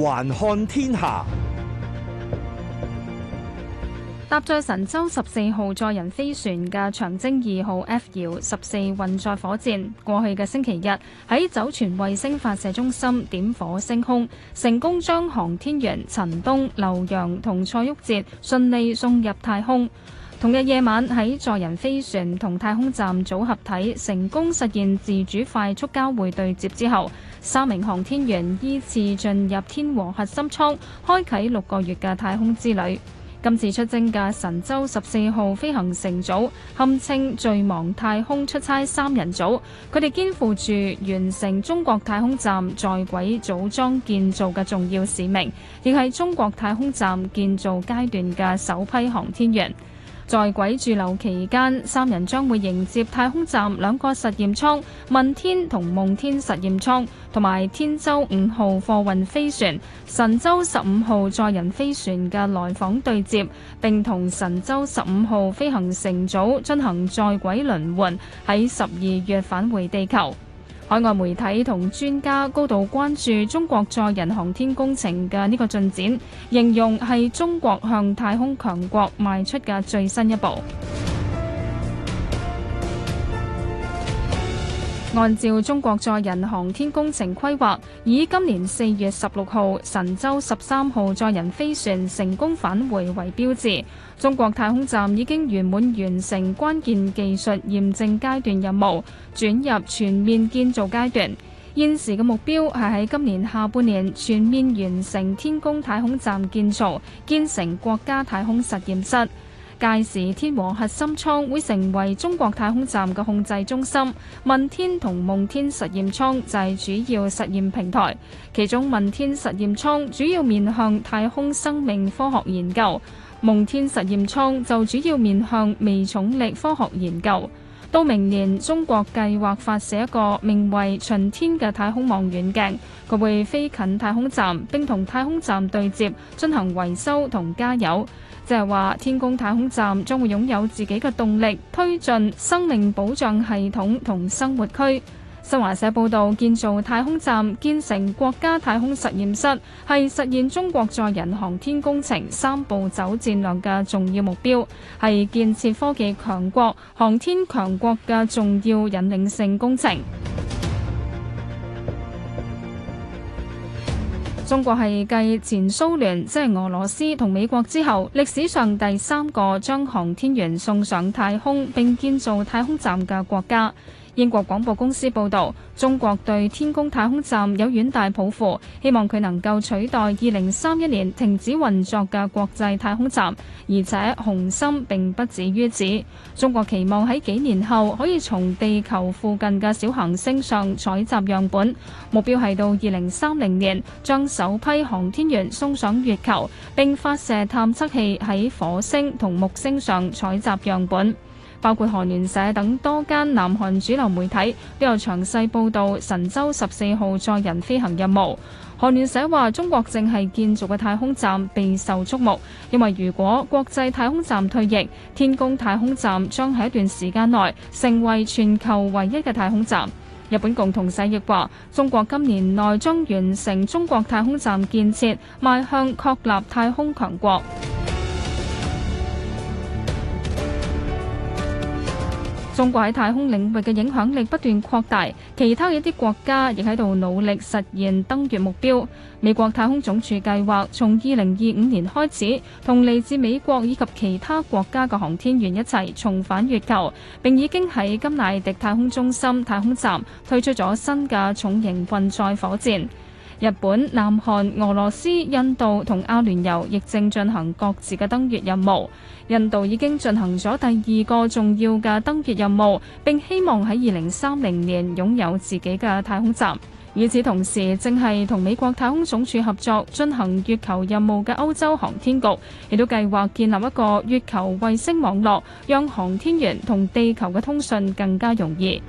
環看天下，搭載神舟十四號載人飛船嘅長征二號 F 遙十四運載火箭，過去嘅星期日喺酒泉衛星發射中心點火升空，成功將航天員陳冬、劉洋同蔡旭哲順利送入太空。同日夜晚，喺載人飛船同太空站組合體成功實現自主快速交會對接之後，三名航天員依次進入天和核心艙開啟六個月嘅太空之旅。今次出征嘅神舟十四號飛行乘組堪稱最忙太空出差三人組，佢哋肩負住完成中國太空站在軌組裝建造嘅重要使命，亦係中國太空站建造階段嘅首批航天員。在軌駐留期間，三人將會迎接太空站兩個實驗艙——問天同夢天實驗艙，同埋天舟五號貨運飛船、神舟十五號載人飛船嘅來訪對接，並同神舟十五號飛行乘組進行軌軌在軌輪換，喺十二月返回地球。海外媒體同專家高度關注中國載人航天工程嘅呢個進展，形容係中國向太空強國邁出嘅最新一步。按照中國載人航天工程規劃，以今年四月十六號神舟十三號載人飛船成功返回為標誌，中國太空站已經圓滿完成關鍵技術驗證階段任務，轉入全面建造階段。現時嘅目標係喺今年下半年全面完成天宮太空站建造，建成國家太空實驗室。屆時，天和核心艙會成為中國太空站嘅控制中心，問天同夢天實驗艙就係主要實驗平台。其中，問天實驗艙主要面向太空生命科學研究，夢天實驗艙就主要面向微重力科學研究。到明年，中國計劃發射一個名為巡天嘅太空望遠鏡，佢會飛近太空站並同太空站對接，進行維修同加油。即係話，天宮太空站將會擁有自己嘅動力推進、生命保障系統同生活區。新華社報道，建造太空站，建成國家太空實驗室，係實現中國載人航天工程三步走戰略嘅重要目標，係建設科技強國、航天強國嘅重要引領性工程。中國係繼前蘇聯（即係俄羅斯）同美國之後，歷史上第三個將航天員送上太空並建造太空站嘅國家。英國廣播公司報導，中國對天宮太空站有遠大抱負，希望佢能夠取代二零三一年停止運作嘅國際太空站。而且雄心並不止於此，中國期望喺幾年後可以從地球附近嘅小行星上採集樣本，目標係到二零三零年將首批航天員送上月球，並發射探測器喺火星同木星上採集樣本。包括韓聯社等多間南韓主流媒體都有詳細報導神舟十四號載人飛行任務。韓聯社話：中國正係建造嘅太空站備受矚目，因為如果國際太空站退役，天宮太空站將喺一段時間內成為全球唯一嘅太空站。日本共同社亦話：中國今年內將完成中國太空站建設，邁向確立太空強國。中國喺太空領域嘅影響力不斷擴大，其他一啲國家亦喺度努力實現登月目標。美國太空總署計劃從二零二五年開始，同嚟自美國以及其他國家嘅航天員一齊重返月球，並已經喺甘迺迪太空中心太空站推出咗新嘅重型運載火箭。日本、南韓、俄羅斯、印度同阿聯酋亦正進行各自嘅登月任務。印度已經進行咗第二個重要嘅登月任務，並希望喺2030年擁有自己嘅太空站。與此同時，正係同美國太空總署合作進行月球任務嘅歐洲航天局，亦都計劃建立一個月球衛星網絡，讓航天員同地球嘅通信更加容易。